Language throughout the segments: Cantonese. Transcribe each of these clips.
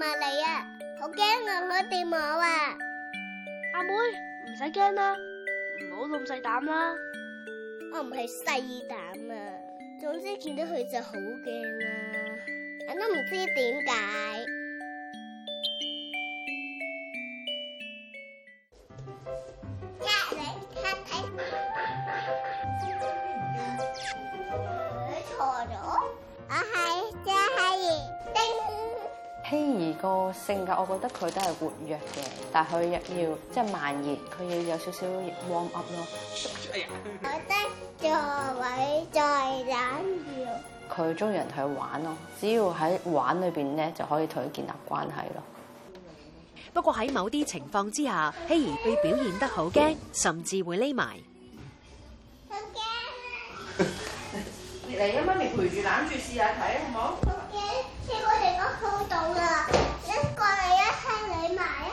嚟啊！好驚啊，開電幕啊！阿妹，唔使驚啦，唔好咁細膽啦。我唔係細膽啊，總之見到佢就好驚啊，我都唔知點解。阿偉，睇睇，佢錯咗。我係即係丁，嘿。個性格我覺得佢都係活躍嘅，但係佢又要即係慢熱，佢要有少少 warm up 咯。我得座位再冷兒？佢中意人去玩咯，只要喺玩裏邊咧就可以同佢建立關係咯。不過喺某啲情況之下，晞兒會表現得好驚，甚至會匿埋。好驚！嚟吖，媽咪陪住攬住試下睇，好唔好？好凍啊！你過嚟一聽你買啊！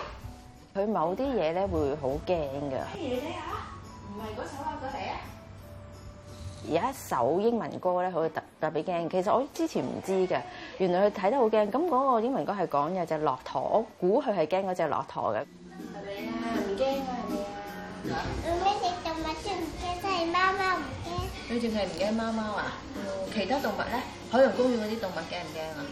佢某啲嘢咧會好驚噶。不如你睇下，唔係嗰首啊，個咩啊？而家首英文歌咧，佢特特別驚。其實我之前唔知嘅，原來佢睇得好驚。咁嗰個英文歌係講有隻駱駝，我估佢係驚嗰隻駱駝嘅。係咪啊？唔驚啊？做咩動物都唔驚？都係貓貓唔驚。佢仲係唔驚貓貓啊？其他動物咧，海洋公園嗰啲動物驚唔驚啊？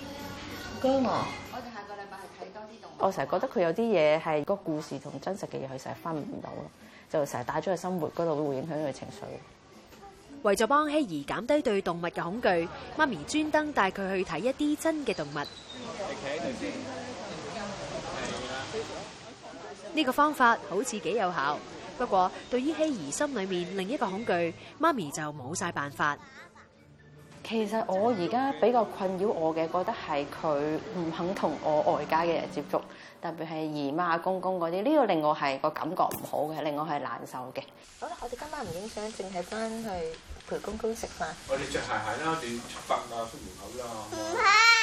嗯、我哋下個禮拜睇多啲動物。我成日覺得佢有啲嘢係個故事同真實嘅嘢，佢成日分唔到咯，就成日帶咗去生活嗰度會影響佢情緒。為咗幫晞兒減低對動物嘅恐懼，媽咪專登帶佢去睇一啲真嘅動物。呢個方法好似幾有效，不過對於晞兒心裏面另一個恐懼，媽咪就冇晒辦法。其實我而家比較困擾我嘅，覺得係佢唔肯同我外家嘅人接觸，特別係姨媽公公嗰啲，呢個令我係個感覺唔好嘅，令我係難受嘅。好啦，我哋今晚唔影相，淨係翻去陪公公食飯。我哋著鞋鞋啦，我哋出發啦，出門口啦。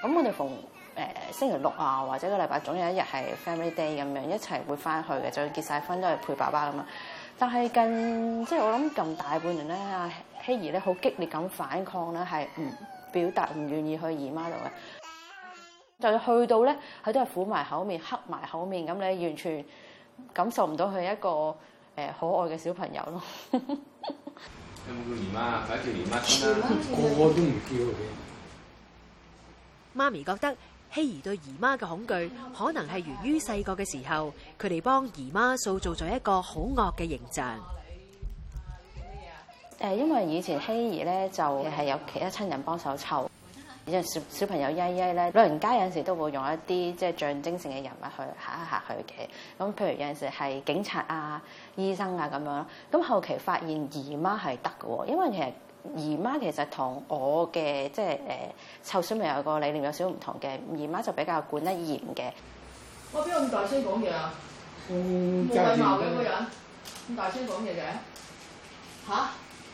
咁我哋逢誒星期六啊，或者個禮拜總有一日係 family day 咁樣一齊會翻去嘅，就要結晒婚都係陪爸爸咁啊。但係近即係我諗近大半年咧，阿希兒咧好激烈咁反抗咧，係唔表達唔願意去姨媽度嘅，就去到咧佢都係苦埋口面，黑埋口面咁，你完全感受唔到佢一個誒、呃、可愛嘅小朋友咯。有冇個姨媽，反正姨媽生啦，個個都唔叫嘅。媽咪覺得希兒對姨媽嘅恐懼，可能係源於細個嘅時候，佢哋幫姨媽塑造咗一個好惡嘅形象。誒，因為以前希兒咧，就係有其他親人幫手湊，因為小小朋友曳曳咧，老人家有陣時都會用一啲即係象徵性嘅人物去嚇一嚇佢嘅。咁譬如有陣時係警察啊、醫生啊咁樣。咁後期發現姨媽係得嘅，因為其實。姨媽其實同我嘅，即係誒臭小明有個理念有少少唔同嘅，姨媽就比較管得嚴嘅。我邊有咁大聲講嘢啊！冇禮貌嘅嗰個人，咁大聲講嘢嘅吓？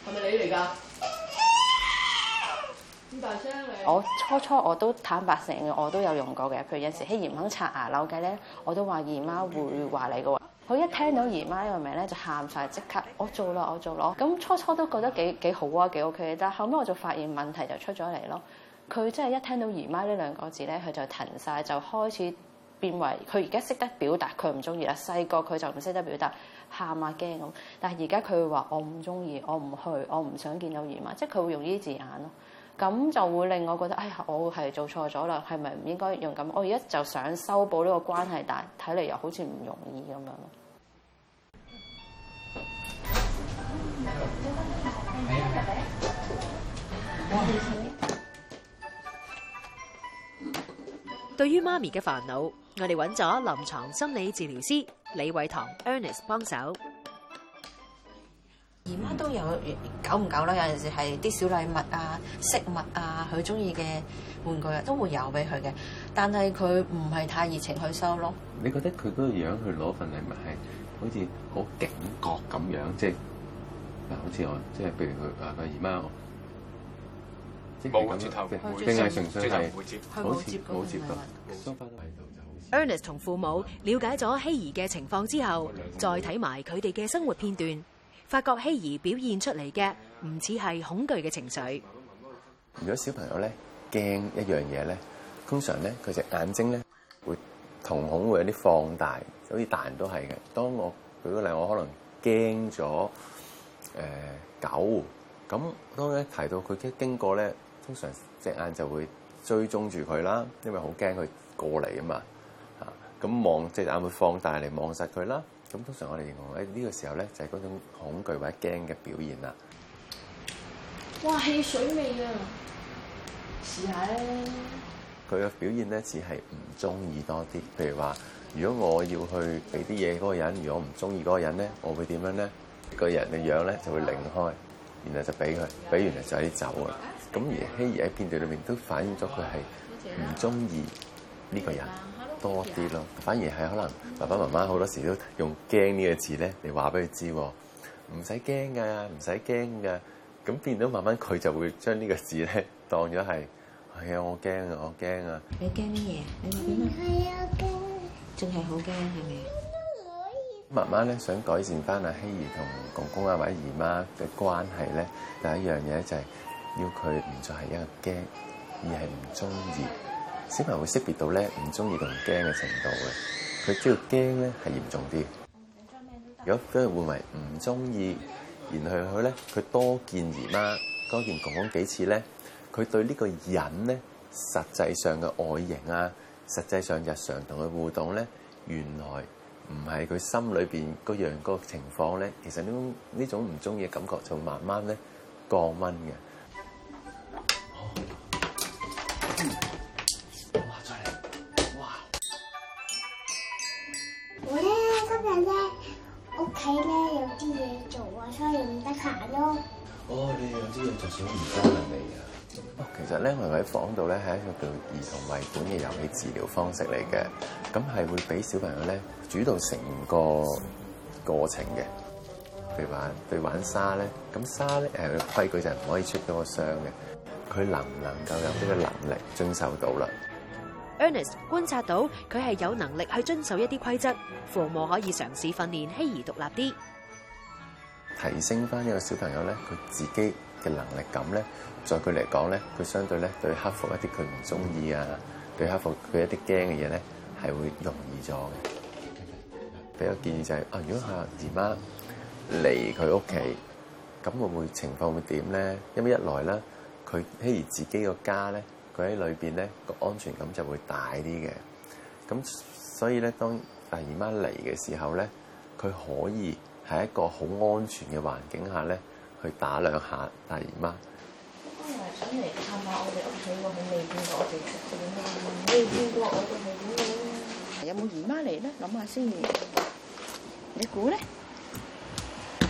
係咪你嚟㗎？咁 大聲嚟、啊！我初初我都坦白承認，我都有用過嘅。譬如有時晞兒、嗯、肯刷牙扭計咧，我都話姨媽會話你嘅話。佢一聽到姨媽呢個名咧就喊曬，即刻我做啦，我做囉。咁初初都覺得幾幾好啊，幾 OK。但後尾我就發現問題就出咗嚟咯。佢真係一聽到姨媽呢兩個字咧，佢就停曬，就開始變為佢而家識得表達佢唔中意啦。細個佢就唔識得表達，喊啊、驚咁。但係而家佢會話我唔中意，我唔去，我唔想見到姨媽，即係佢會用呢啲字眼咯。咁就會令我覺得，哎呀，我係做錯咗啦，係咪唔應該用咁？我而家就想修補呢個關係，但睇嚟又好似唔容易咁樣咯。對於媽咪嘅煩惱，我哋揾咗臨床心理治療師李偉棠 Ernest 幫手。姨媽都有久唔久啦。有陣時係啲小禮物啊、飾物啊，佢中意嘅玩具都會有俾佢嘅，但係佢唔係太熱情去收咯。你覺得佢嗰個樣去攞份禮物係好似好警覺咁樣，即係嗱，好似我即係譬如佢啊個姨媽冇咁，即係淨係純粹係好冇冇接到。Ernest 同父母了解咗晞兒嘅情況之後，再睇埋佢哋嘅生活片段。發覺晞兒表現出嚟嘅唔似係恐懼嘅情緒。如果小朋友咧驚一樣嘢咧，通常咧佢隻眼睛咧會瞳孔會有啲放大，好似大人都係嘅。當我舉個例，我可能驚咗誒狗，咁當佢一提到佢經經過咧，通常隻眼就會追蹤住佢啦，因為好驚佢過嚟啊嘛。啊，咁望隻眼會放大嚟望實佢啦。咁通常我哋形容呢個時候咧，就係嗰種恐懼或者驚嘅表現啦。哇，汽水味啊！試下咧。佢嘅表現咧，只係唔中意多啲。譬如話，如果我要去俾啲嘢嗰個人，如果我唔中意嗰個人咧，我會點樣咧？個人嘅樣咧就會擰開，然後就俾佢，俾完咧就喺度走啊。咁而晞兒喺片段裏面都反映咗佢係唔中意呢個人。多啲咯，反而係可能爸爸媽媽好多時都用驚呢個字咧嚟話俾佢知，唔使驚㗎，唔使驚㗎，咁變到慢慢佢就會將呢個字咧當咗係係啊，我驚啊，我驚啊。你驚乜嘢？你唔係啊，驚，仲係好驚係咪？媽媽咧想改善翻阿晞兒同公公啊或者姨媽嘅關係咧，第一樣嘢就係要佢唔再係因為驚而係唔中意。小朋友會識別到咧，唔中意同驚嘅程度嘅，佢主要驚咧係嚴重啲。如果跟住換為唔中意，然後佢咧，佢多見姨媽，多見公公幾次咧，佢對呢個人咧，實際上嘅外形啊，實際上日常同佢互動咧，原來唔係佢心裏邊個樣個情況咧，其實呢種呢種唔中意嘅感覺就慢慢咧降溫嘅。房度咧係一個叫兒童為本嘅遊戲治療方式嚟嘅，咁係會俾小朋友咧主導成個過程嘅。譬如話對玩沙咧，咁沙咧誒規矩就係唔可以出到個箱嘅，佢能唔能夠有呢個能力遵守到啦？Ernest 觀察到佢係有能力去遵守一啲規則，父母可以嘗試訓練晞兒獨立啲，提升翻一個小朋友咧佢自己嘅能力感咧，在佢嚟講咧，佢相對咧對克服一啲佢唔中意啊，對克服佢一啲驚嘅嘢咧，係會容易咗嘅。比較建議就係、是、啊，如果阿姨媽嚟佢屋企，咁會唔會情況會點咧？因為一來咧，佢譬如自己個家咧，佢喺裏邊咧個安全感就會大啲嘅。咁所以咧，當阿姨媽嚟嘅時候咧，佢可以喺一個好安全嘅環境下咧。去打量下大姨媽，今日嚟探下我哋屋企，我佢未見過我哋食咁樣，未見過我哋係咁，有冇姨媽嚟咧？諗下先。你估咧？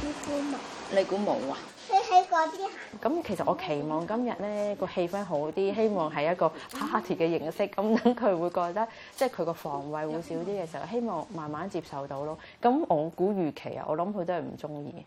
你估冇？你估冇啊？你喺嗰啲。咁其實我期望今日咧個氣氛好啲，希望係一個 party 嘅形式，咁等佢會覺得即係佢個防衞會少啲嘅時候，希望慢慢接受到咯。咁我估預期啊，我諗佢都係唔中意。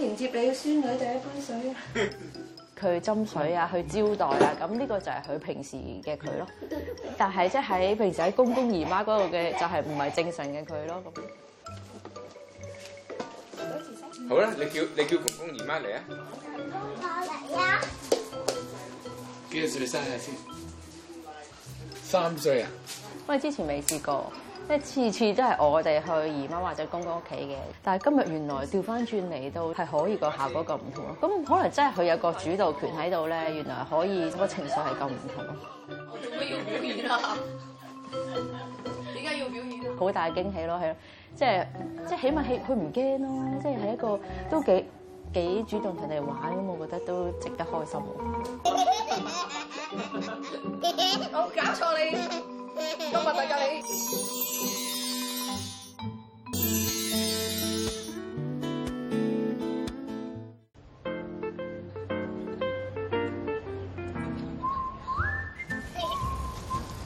迎接你嘅孫女第一杯水，佢 斟水啊，去招待啊，咁呢個就係佢平時嘅佢咯。但係即係喺平時喺公公姨媽嗰度嘅，就係唔係正常嘅佢咯。咁 好啦，你叫你叫公公姨媽嚟啊。公公嚟咪呀？幾多歲生日先？三歲啊。因為之前未試過。即係次次都係我哋去姨媽或者公公屋企嘅，但係今日原來調翻轉嚟到係可以個效果咁唔同咯。咁可能真係佢有個主導權喺度咧，原來可以咁嘅情緒係咁唔同。我做咩要表演啊？點解要表演啊？好大嘅驚喜咯，係咯，即係即係起碼佢唔驚咯，即係係一個都幾幾主動同你玩咁，我覺得都值得開心。好搞錯你！今日大家你，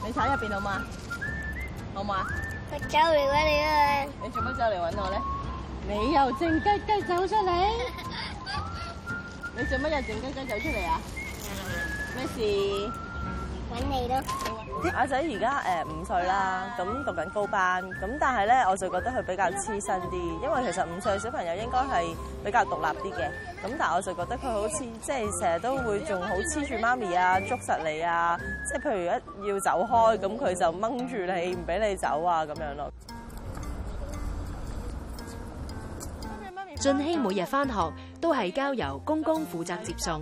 你睇入面好嗎？好嘛？走嚟搵你啊！你做乜走嚟搵我咧？你又靜雞雞走出嚟，你做乜又靜雞雞走出嚟啊？咩事？阿仔而家誒五歲啦，咁讀緊高班，咁但係咧我就覺得佢比較黐身啲，因為其實五歲小朋友應該係比較獨立啲嘅，咁但係我就覺得佢好似即係成日都會仲好黐住媽咪啊，捉實你啊，即係譬如一要走開，咁佢就掹住你唔俾你走啊咁樣咯。俊熙每日返學都係交由公公負責接送。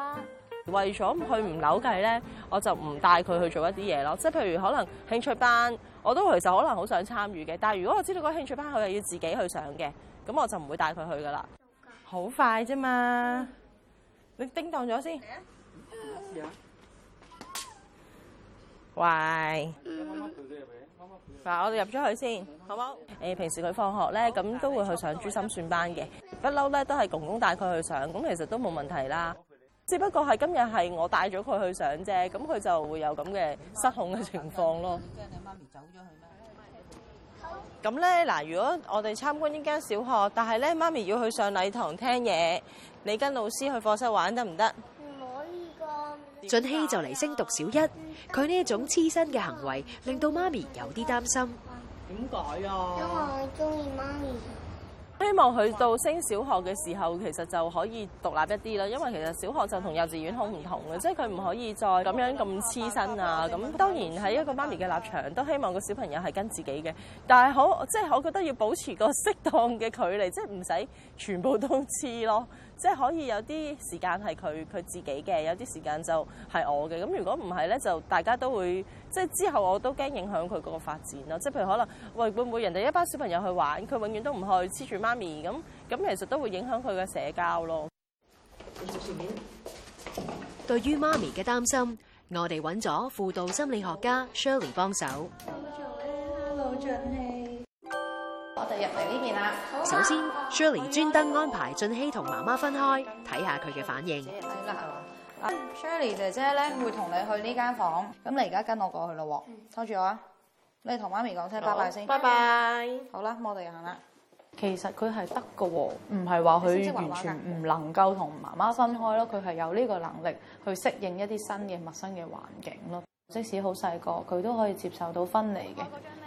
為咗去唔扭計咧，我就唔帶佢去做一啲嘢咯。即係譬如可能興趣班，我都其實可能好想參與嘅。但係如果我知道嗰興趣班佢又要自己去上嘅，咁我就唔會帶佢去噶啦。好快啫嘛！你叮噹咗先。喂。嗱、嗯，我哋入咗去先，好唔好？誒，平時佢放學咧，咁都會去上珠心算班嘅。不嬲咧，都係公公帶佢去上，咁其實都冇問題啦。只不過係今日係我帶咗佢去上啫，咁佢就會有咁嘅失控嘅情況咯。即係你媽咪走咗去咩？咁咧，嗱，如果我哋參觀呢間小學，但係咧，媽咪要去上禮堂聽嘢，你跟老師去課室玩得唔得？唔可以㗎，啊。俊熙就嚟升讀小一，佢呢一種黐身嘅行為，令到媽咪有啲擔心。點解啊？因為我中意媽咪。希望佢到升小學嘅時候，其實就可以獨立一啲啦。因為其實小學就同幼稚園好唔同嘅，即係佢唔可以再咁樣咁黐身啊。咁當然喺一個媽咪嘅立場都希望個小朋友係跟自己嘅。但係好，即係我覺得要保持個適當嘅距離，即係唔使全部都黐咯。即係可以有啲時間係佢佢自己嘅，有啲時間就係我嘅。咁如果唔係咧，就大家都會即係之後我都驚影響佢個發展咯。即係譬如可能，喂，會唔會人哋一班小朋友去玩，佢永遠都唔去黐住媽咪咁咁，其實都會影響佢嘅社交咯。對於媽咪嘅擔心，我哋揾咗輔導心理學家 Shirley 幫手。我哋入嚟呢邊啦。首先、嗯、Shirley 專、嗯、登安排俊熙同媽媽分開，睇下佢嘅反應。Shirley 姐姐咧會同你去呢間房，咁、嗯、你而家跟我過去咯 hold 住我啊！你同媽咪講聲拜拜先，拜拜。好啦，我哋行啦。其實佢係得嘅喎，唔係話佢完全唔能夠同媽媽分開咯，佢係有呢個能力去適應一啲新嘅陌生嘅環境咯。即使好細個，佢都可以接受到分離嘅。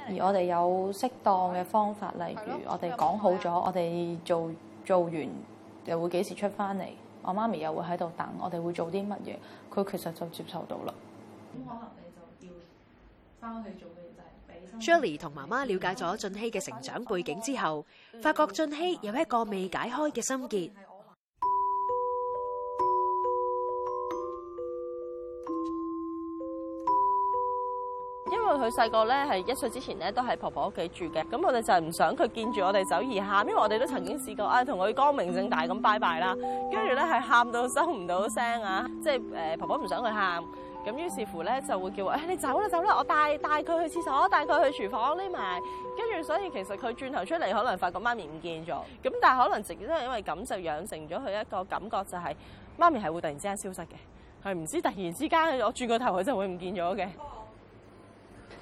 而我哋有適當嘅方法，例如我哋講好咗，我哋做做完又會幾時出翻嚟？我媽咪又會喺度等，我哋會做啲乜嘢？佢其實就接受到啦。咁可能你就要返去做嘅，就係畀。Jelly 同媽媽了解咗俊熙嘅成長背景之後，發覺俊熙有一個未解開嘅心結因為佢細個咧係一歲之前咧都喺婆婆屋企住嘅，咁我哋就唔想佢見住我哋走而喊，因為我哋都曾經試過啊，同佢光明正大咁拜拜啦，跟住咧係喊到收唔到聲啊，即係誒、呃，婆婆唔想佢喊，咁於是乎咧就會叫話誒、哎，你走啦走啦，我帶帶佢去廁所，帶佢去廚房匿埋，跟住所以其實佢轉頭出嚟，可能發覺媽咪唔見咗，咁但係可能直接都係因為咁就養成咗佢一個感覺、就是，就係媽咪係會突然之間消失嘅，係唔知突然之間我轉個頭佢就會唔見咗嘅。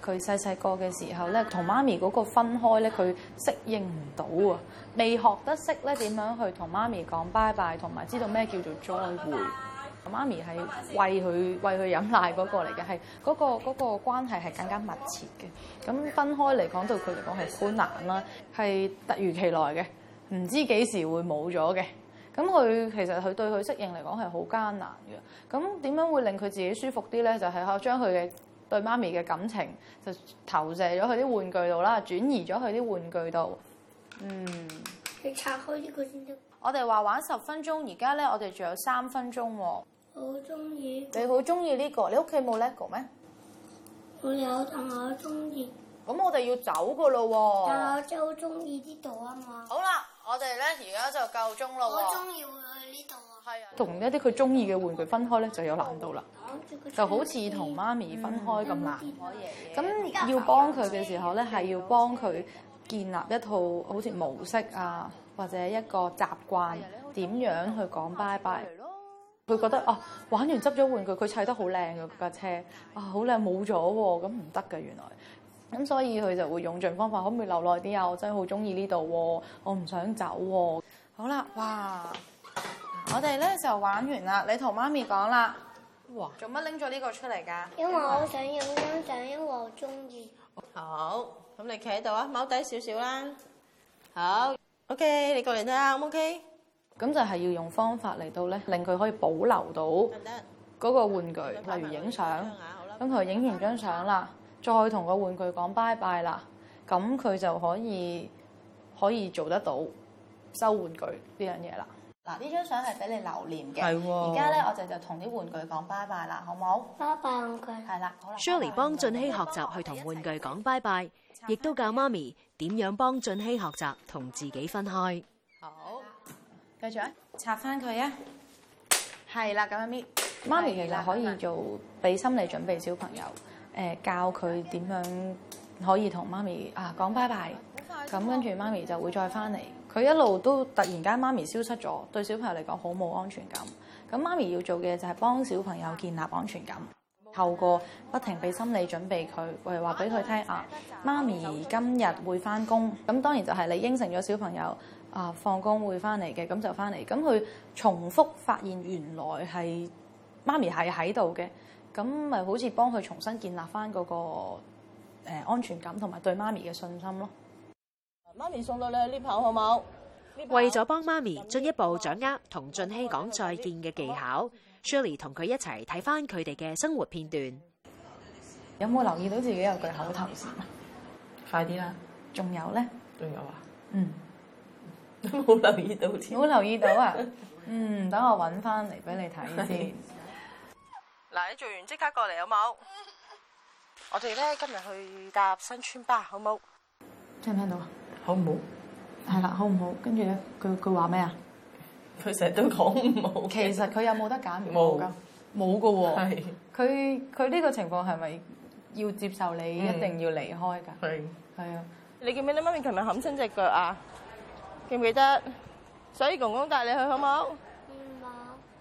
佢細細個嘅時候咧，同媽咪嗰個分開咧，佢適應唔到啊，未學得識咧點樣去同媽咪講拜拜，同埋知道咩叫做再會。媽咪係餵佢餵佢飲奶嗰個嚟嘅，係嗰個嗰個關係係更加密切嘅。咁分開嚟講，對佢嚟講係好難啦，係突如其來嘅，唔知幾時會冇咗嘅。咁佢其實佢對佢適應嚟講係好艱難嘅。咁點樣會令佢自己舒服啲咧？就係可將佢嘅。對媽咪嘅感情就投射咗佢啲玩具度啦，轉移咗佢啲玩具度。嗯，你拆開呢個先得。我哋話玩十分鐘，而家咧我哋仲有三分鐘喎。好中意。你好中意呢個？你屋企冇 LEGO 咩？我有，但我中意。咁我哋要走噶啦喎。但我真係好中意呢度啊嘛。好啦，我哋咧而家就夠鐘啦喎。我中意去呢度。同一啲佢中意嘅玩具分開咧，就有難度啦，就好似同媽咪分開咁難。咁要幫佢嘅時候咧，係要幫佢建立一套好似模式啊，或者一個習慣，點樣去講拜拜咯。佢覺得啊，玩完執咗玩具，佢砌得好靚嘅架車啊，好靚冇咗喎，咁唔得㗎原來。咁所以佢就會用盡方法，可唔可以留耐啲啊？我真係好中意呢度喎，我唔想走喎，啊。好啦，哇！我哋呢就玩完啦，你同媽咪講啦。哇！做乜拎咗呢個出嚟噶？因為我好想影張相，因為我中意。好，咁你企喺度啊，踎低少少啦。好，OK，你過嚟睇下，OK 唔 OK？咁就係要用方法嚟到咧，令佢可以保留到嗰個玩具，例如影相。咁佢影完張相啦，再同個玩具講 bye bye 啦，咁佢就可以可以做得到收玩具呢樣嘢啦。嗱，呢張相係俾你留念嘅。係，而家咧，我哋就同啲玩具講拜拜啦，好唔好？拜拜玩具。係啦。Shirley 幫俊熙學習去同玩具講拜拜，亦都教媽咪點樣幫俊熙學習同自己分開。好，繼續啊，拆翻佢啊。係啦，咁樣搣。媽咪其實可以做俾心理準備小，小朋友誒，教佢點樣可以同媽咪啊講拜拜。咁跟住，媽咪就會再翻嚟。佢一路都突然間媽咪消失咗，對小朋友嚟講好冇安全感。咁媽咪要做嘅就係幫小朋友建立安全感，透過不停俾心理準備佢，誒話俾佢聽啊，媽咪今日會翻工。咁當然就係你應承咗小朋友啊放工會翻嚟嘅，咁就翻嚟。咁佢重複發現原來係媽咪係喺度嘅，咁咪好似幫佢重新建立翻嗰個安全感同埋對媽咪嘅信心咯。媽咪送到你去 lift 口好冇？為咗幫媽咪進一步掌握同俊熙講再見嘅技巧，媽媽，Shirley 同佢一齊睇翻佢哋嘅生活片段。有冇留意到自己有句口頭禪？快啲啦！仲有咧？仲有啊？嗯，都冇留意到添。冇留意到啊？ 嗯，等我搵翻嚟俾你睇先。嗱，你做完即刻過嚟好冇？ 我哋咧今日去搭新村巴，好冇？聽唔聽到啊？好唔好？係啦，好唔好？跟住咧，佢佢話咩啊？佢成日都講唔好。其實佢有冇得揀冇噶？冇噶喎。係。佢佢呢個情況係咪要接受你、嗯、一定要離開㗎？係。係啊。你記唔記得媽咪琴日冚親隻腳啊？記唔記得？所以公公帶你去好唔好？唔、嗯、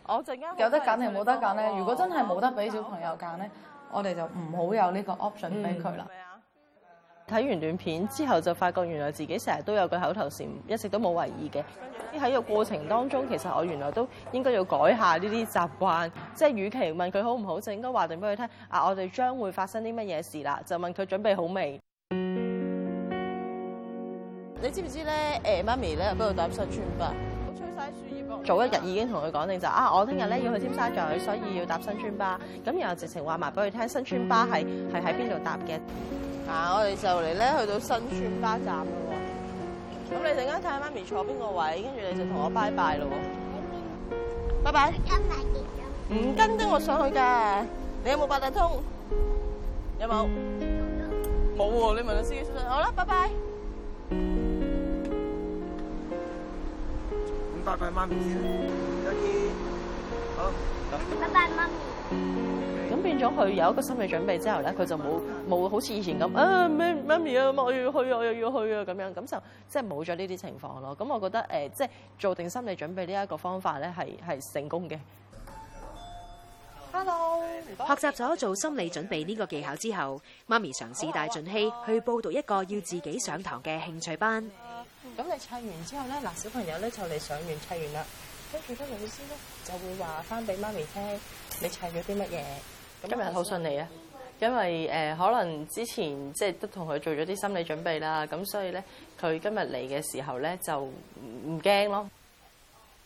好。我陣間。有得揀定冇得揀咧、啊？如果真係冇得俾小朋友揀咧，我哋就唔好有呢個 option 俾佢啦。睇完短片之後，就發覺原來自己成日都有個口頭禪，一直都冇為意嘅。喺個過程當中，其實我原來都應該要改下呢啲習慣。即係，與其問佢好唔好，就應該話定俾佢聽。啊，我哋將會發生啲乜嘢事啦，就問佢準備好未？你知唔知咧？誒，媽咪咧，邊度搭新村巴？吹曬樹葉。早一日已經同佢講定就啊，我聽日咧要去尖沙咀，所以要搭新村巴。咁然後直情話埋俾佢聽，新村巴係係喺邊度搭嘅。.啊！我哋就嚟咧去到新村巴站啦喎，咁你陣間睇下媽咪坐邊個位，跟住你就同我拜拜啦喎、嗯啊，拜拜，唔跟得我上去噶，你有冇八達通？有冇？冇喎，你問下司機，好啦，拜拜，拜拜媽咪，拜拜媽咪。想佢有一個心理準備之後咧，佢就冇冇好似以前咁啊，媽媽咪啊，我要去啊，我又要去啊，咁樣咁就即係冇咗呢啲情況咯。咁我覺得誒、呃，即係做定心理準備呢一個方法咧，係係成功嘅。Hello，學習咗做心理準備呢個技巧之後，媽咪嘗試帶俊熙去報讀一個要自己上堂嘅興趣班。咁、啊嗯、你砌完之後咧，嗱小朋友咧就嚟上完砌完啦，跟住咧老師咧就會話翻俾媽咪聽，你砌咗啲乜嘢？今日好順利啊，因為誒、呃、可能之前即係都同佢做咗啲心理準備啦，咁所以咧佢今日嚟嘅時候咧就唔驚咯。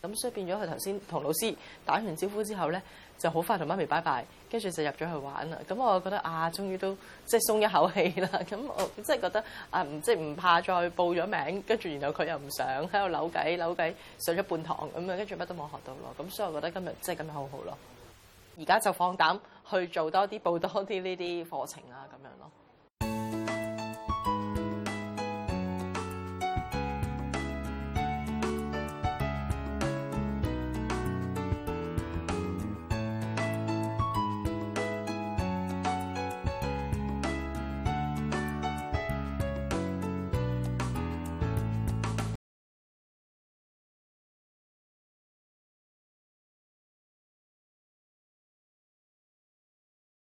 咁所以變咗佢頭先同老師打完招呼之後咧就好快同媽咪拜拜，跟住就入咗去玩啦。咁我覺得啊，終於都即係鬆一口氣啦。咁我即係覺得啊，唔即係唔怕再報咗名，跟住然後佢又唔想喺度扭計扭計上咗半堂咁啊，跟住乜都冇學到咯。咁所以我覺得今日即係今日好好咯。而家就放膽，去做多啲報多啲呢啲課程啊，咁樣咯。